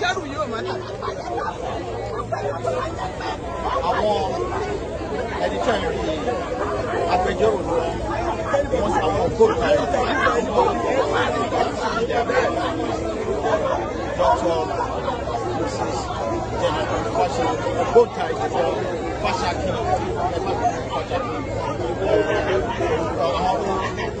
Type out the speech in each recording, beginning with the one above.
ṣẹ́rù yóò máa tà. àwọn ẹni tí a ń rí agbẹjọ́rò lọ wọn àwọn góòlù dr moses jennifer fashe ògbóǹtarì fún fashaki ẹgbẹ́ fashaki.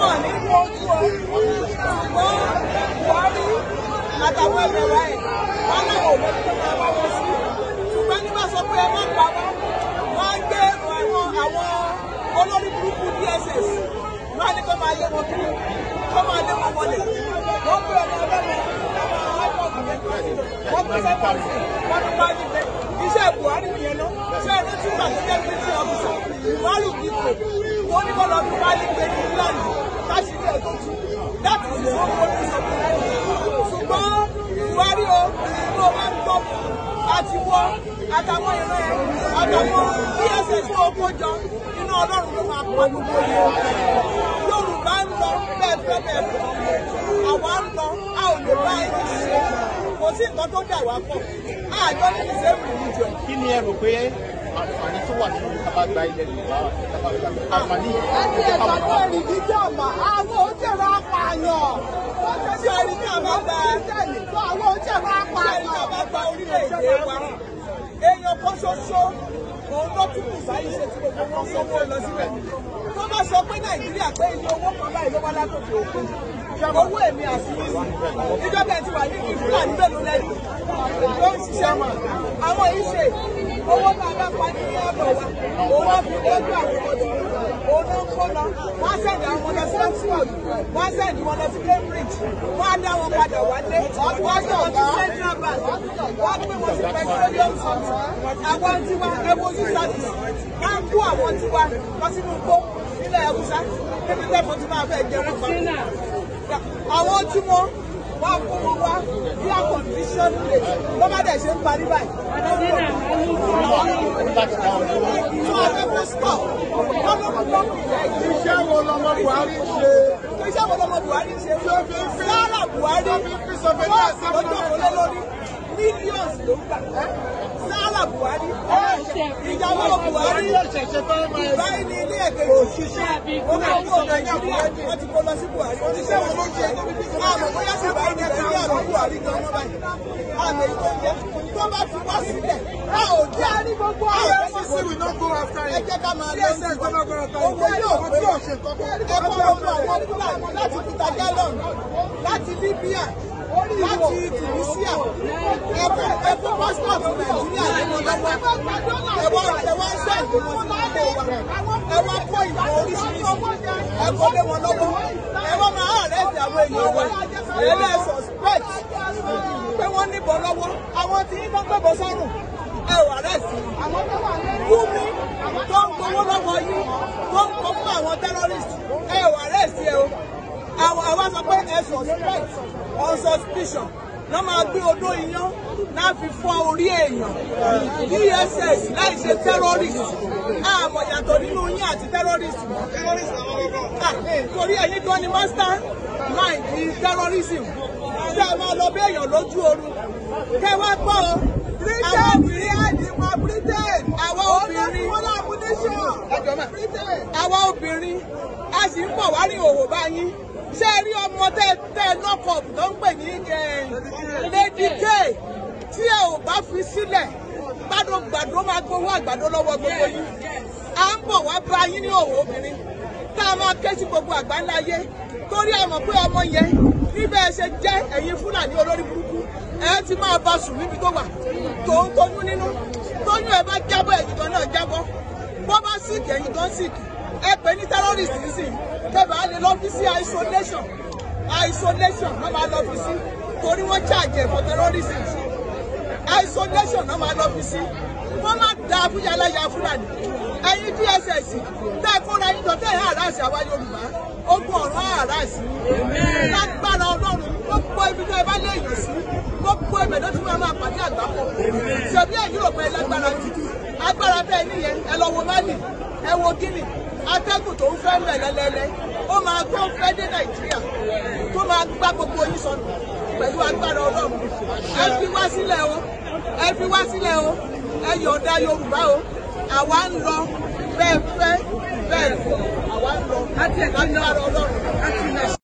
wọn ní wo ojú ọ ṣùgbọ́n Buhari àtàwọn ẹ̀rọ ẹ̀ wọn náà ò mọ tó máa bá wọn sí ṣùgbọ́n ní bá sọ pé ẹ má pa wọn wọn gbé ẹ̀wọ̀n àwọn olórí burúkú DSS wọn ní kó máa lé wọn kiri kó máa lé wọn wọlé wọn gbé ọmọ ọlọ́run wọ́n pín sẹ́kọ̀ọ̀sì wọ́n tún wájú pé iṣẹ́ Buhari nìyẹn náà ṣé ẹni tí wọ́n àti jẹ́ pé tí ọ̀sán wọ́n lù kíkò wọ́n ní kọ́ lọ́ọ́ fi wáyé pé ṣùgbọ́n Buhari o ló máa ń gbọ́ mi àti wọ àtàwọn ìran ẹ̀ àtàwọn DSS tó kó jọ inú Ọlọ́run ló máa pa gbogbo yẹn Yorùbá ń lọ bẹ́ẹ̀ fẹ́ bẹ́ẹ̀ lọ àwa ń lọ a ò lè bá ẹni ṣe kò sí nǹkan tó dà wá pọ̀ àjọ ní ìṣẹ́rù ìjọ. kí ni ẹ rò pé àǹfààní tó wà nínú tábàgbà ilẹ̀ Yorùbá àǹfààní. àti ẹ̀ka tó rí dídí ọ̀mà á bá pa ìjọba gba orílẹ̀-èdè wa èèyàn kan ṣoṣo òun ló tún kù sáyé ṣe tí gbogbo wọn sọ wọn lọ síbẹ̀. tó bá sọ pé nàìjíríà pé iye owó kan báyìí ló wá látòkè òkun owó èmi àti ìjọba ẹ̀ wà ní ìfúnà níbẹ̀ ló ló ń ṣiṣẹ́ wọn. àwọn yìí ṣe owó tá a bá pa ní àbọ̀ wa òun á fi lọ́jọ́ àwọn ọmọdé kó lọ wọ́n á sẹ́ni àwọn ọmọ lọ sí oxford wọ́n sẹ́ni wọn lọ sí cambridge wọ́n á dá wọn padà wálé wọ́n á sọ̀rọ̀ sí central bank wọ́n á gbé wọn petroleum company àwọn tiwa ẹ̀wọ̀n service ká ń kó àwọn tiwa lọ sínú kó nílẹ̀ ẹ̀wùsá níbi tẹ́fọ́ tí máa fẹ́ jẹun kan àwọn tí wọ́n wá kó wá bí àkọ́ndíṣọ́n lè ló ṣe ń parí báyìí. Tí wọ́n fẹ́ kó stọ̀, wọ́n ló kú lọ́kùnrin ọmọ Buhari ń ṣe. iṣẹ́ wo lọmọ Buhari ń ṣe. tí ó fi ń fi rárá Buhari fọ́ọ̀tì lọ́jọ́ kọ́lé lórí mílíọ̀nù ló ń gbà. sáárà Buhari ó ìjábọ̀ Buhari báyìí ní ilé ẹ̀kẹ́ yóò ṣiṣẹ́ wọn kà kó Nàìjíríà wọn ti kó lọ sí Buhari wọn ti ṣe wọn ló ń ṣe àmọ́ bóyá sí Buhari ní Nàìjíríà lọ Buhari gan wọn báyìí àmọ́ èyí tó jẹ tó bá fi wá sílẹ̀ a ò jẹ́ a ní gbogbo àwọn ẹ̀sìn sí we no go after him ẹ ká máa lọ sí owó yóò pé ẹ̀kọ́ ọmọ àwọn fúlàní láti kúta gálọ̀nù láti Libya láti tunisia ẹ̀fọ́ ẹ̀fọ́ passport wọ́n ń gbowó lọ́wọ́ yín tó ń kọ fún àwọn terrorist ẹ̀wọ̀ àrẹ́sì ẹ̀ o àwa sọ pé ẹ suspect on suspicion lọ́ máa gbé odó iyán náà fi fọ́ orí èèyàn DSS e láì ṣe terrorist àmọ́ yàtọ̀ nínú yín àti terrorist mọ́ ah, eh, torí ẹ̀yin tó ní master mind ní terrorism tẹ́ ẹ máa lọ bí èèyàn lójú oorun kẹ́ wá gbọ́ ọ àwọn obìnrin àdìmọ̀ Britain àwọn obìnrin àwọn obìnrin a sì ń pọ̀ wá rí òwò báyìí ṣé rí ọmọ tẹ tẹ tó ń pè ní Lady K tí ẹ ò bá fi sílẹ̀ gbàdógbàdó máa gbowó àgbàdo lọ́wọ́ gbogbo yìí à ń bọ̀ wá bá yín ní òwò obìnrin tá a máa ké sí gbogbo àgbáńlá ayé torí a pé ọmọ yẹn níbẹ̀ ṣe jẹ́ ẹ̀yin Fúlàní olórí burúkú ẹ ti máa bá sùn níbi tó wà tòun tóyún nínú tóyún ẹ bá jábọ̀ ẹ̀yìn kan náà jábọ̀ bọ́ bá síkì ẹ̀yìn kan síkì ẹ pè ní terrorist nísìnyí kẹfà á lè lọ fi sí isolation isolation náà máa lọ fi sí torí wọ́n charge for terrorism isolation náà máa lọ fi sí wọ́n máa da fúyàláyà fúlàní ẹ̀yin DSS lọ wo mali ẹ wo gíní atẹ́gùn tó ń fẹ́ ń lẹ́lẹ́lẹ́ ó máa tó ń fẹ́ dé nàìjíríà tó máa gbá gbogbo yín o ẹ fi wá o ẹ yọ̀ọ̀dá yorùbá o àwa ń lọ bẹ́ẹ̀ fẹ́ bẹ́ẹ̀ àwa ń